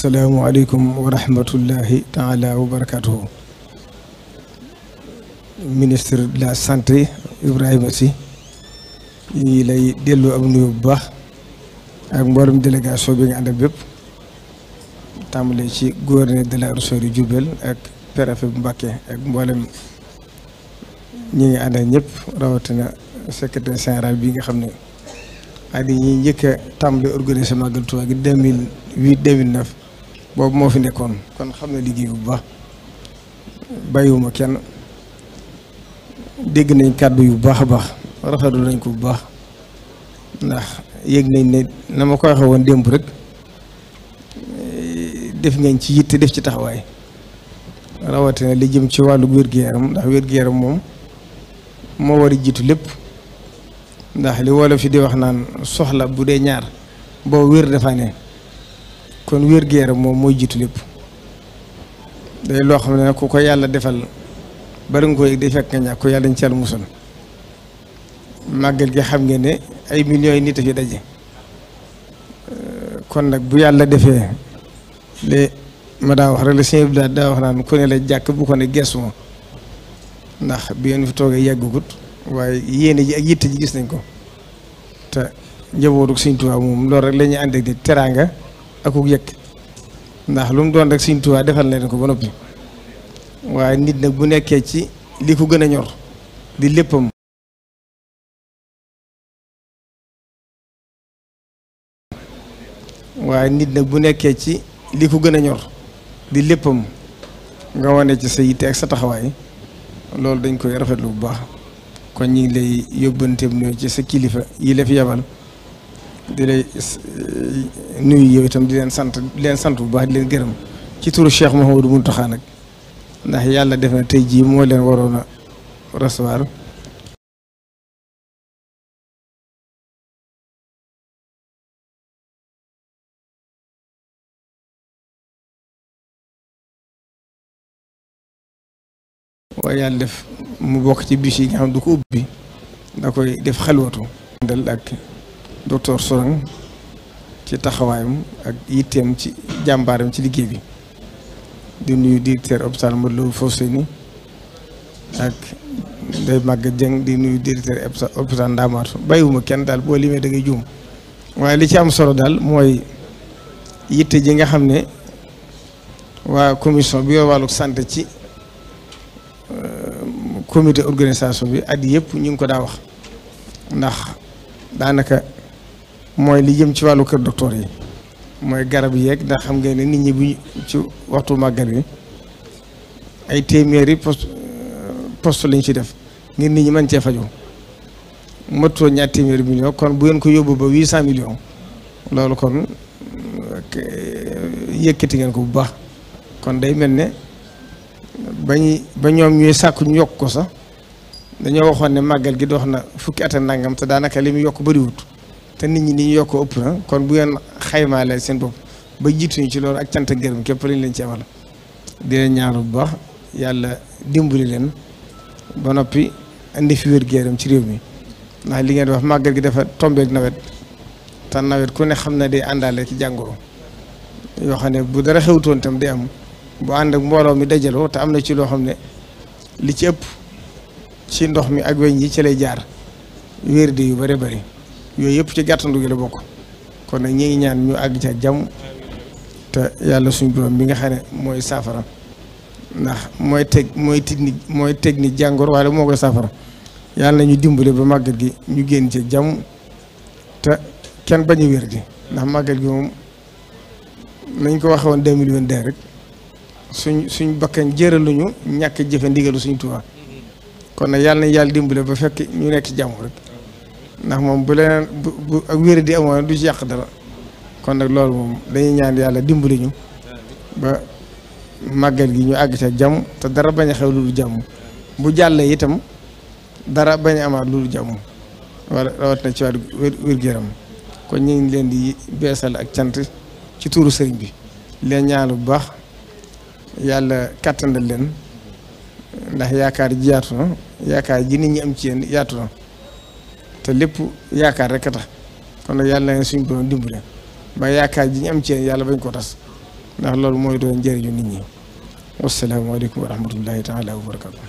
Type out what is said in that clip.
asalaamualeykum wa rahmatullahi taala wa barakatuhu ministre de la santé Ibrahima Sy ñu lay delloo am nuyu bu baax ak mboolem délégation bi nga ànd ak bépp tàmbale ci gouverneur de la région de Diourbel ak préfet bu Mbacké ak mboolem ñi ngi ànd ak ñëpp rawatina secrétaire général bi nga xam ne at yi ñuy njëkk a tàmbali organisé màggal Tuubaa gi 2008 2009 boobu moo fi nekkoon kon xam na liggéey bu baax bàyyiwuma kenn dégg nañ kàddu yu baax a baax rafetlu nañ ko bu baax ndax yëg nañ ne na ma ko waxee woon démb rek def ngeen ci yitte def ci taxawaay rawatina li jëm ci wàllu wér-gu-yaram ndax wér-gu-yaram moom moo war a jiitu lépp ndax li wolof fi di wax naan soxla bu dee ñaar boo wér dafa kon wér gu moom mooy jiitu lépp day loo xam ne ku ko ko yàlla defal bari nga ko yëg day fekk nga ñàkk ko yàlla dañ ci yàlla musal màggal gi xam nga ne ay millions yi nit a fi daje euh, kon nag bu yàlla defee lé ma daa wax rek la sëñ bi daal daa wax naan ku la jàkk bu ko ne gees ndax bi ngeen fi toogee yàggagut waaye yéene ji ak yitte ji gis nañ ko te njabootu Sëñ Tuubaa moom loolu rek la ñuy ànd ak di teraanga akuk yëg ndax lu mu doon rek Sëriñ Tuubaa defal leen ko ba noppi waaye nit nag bu nekkee ci li ko gën a ñor di léppam nit nag bu nekkee ci li ko gën a ñor di léppam nga wane ci sa yitte ak sa taxawaay loolu dañ koy rafetlu bu baax kon ñu ngi lay yóbbanteem ñoo ci sa kilifa yi la fi yabal di lay eh, nuyu yow itam di leen sant leen sant bu baax di leen gërëm ci turu Cheikh ndax yàlla def na moo leen waroon a yàlla def mu bokk ci bis yi nga xam du ko ubbi da koy def xalwatu dal ak. docteur Sorang ci taxawaayam ak yitteem ci jàmbaaram ci liggéey bi di nuyu directeur hôpital Matlaboul Fawzayni ak Ndeye Maguette Dieng di nuyu directeur hôpital Ndamatou bàyyiwuma kenn daal boo limee da ngay juum waaye li ci am solo daal mooy yitte ji nga xam ne waa commission bi yow wàllu santé ci euh, comité organisation bi at yëpp ñu ngi ko daa wax ndax daanaka. mooy li jëm ci wàllu kër docteur yi mooy garab yeeg ndax xam nga ne nit ñi bu ci waxtu màggal yi ay téeméeri poste euh, poste lañ ci def ngir nit ñi mën cee fajoo mottoo ñaar téeméeri million kon bu ngeen ko yóbbu ba huit cent loolu kon euh, yëkkati ngeen ko bu baax kon day mel ne ba ñoom ñuy sàkku ñu yokk ko sax dañoo waxoon ne màggal gi dox na fukki at a nangam te daanaka li mu yokk bariwut te nit ñi ni ñu yokk ëpp na ah. kon bu yenn ngeen xaymaale seen bopp ba jiituñu ci loolu ak cant ak gërëm képp lañ leen ci amal di ñaar bu baax yàlla dimbali leen ba noppi indi fi wér gu ci réew mi ndax li ngeen wax màggal gi dafa tombeek nawet te nawet ku ne xam na day àndaale ci jàngoro yoo xam ne bu dara xewtoon itam day am bu ànd ak mbooloo mi dajaloo te am na ci loo xam ne li ci ëpp ci ndox mi ak weñ yi ci lay jaar wér-di yu bare bari yooyu yëpp ci gàttandu gi la bokk kon nag ñi ngi ñaan ñu àgg ca jàmm te yàlla suñu borom bi nga xam ne mooy saafara ndax mooy teg mooy technique mooy technique jàngoor waaye moo koy saafara yàlla na ñu dimbale ba màggat gi ñu génn ci jàmm te kenn bañ a wér di ndax màggat gi moom nañ ko waxee woon deux mille vingt deux rek suñ suñ bakkan jëraluñu ñàkk jëfe ndigalu suñu Tuubaa kon nag yàlla nañ yàlla dimbalee ba fekk ñu nekk ci jàmm rek ndax moom bu leneen bu bu ak wér di amoon du ci yàq dara kon nag loolu moom dañuy ñaan yàlla dimbali ñu ba màggal gi ñu àgg ca jàmm te dara bañ a xew lu dul jàmm bu jàllee itam dara bañ a amaat lu dul jàmm wala rawat na ci waat wér-gu-yaram kon ñu ngi leen di beesal ak cant ci tuuru sëriñ bi leen ñaanu bu baax yàlla kàttandal leen ndax yaakaar ji yaatu na yaakaar ji nit ñi am ci yenn yaatu na te lépp yaakaar rekkata a kon nag yàlla suñ suñu borom dimbale ba yaakaar ji ñu am ci yàlla bañ ko tas ndax loolu mooy doon njëriñu nit ñi wasalaamaaleykum wa rahmatullahi taala wa barakatu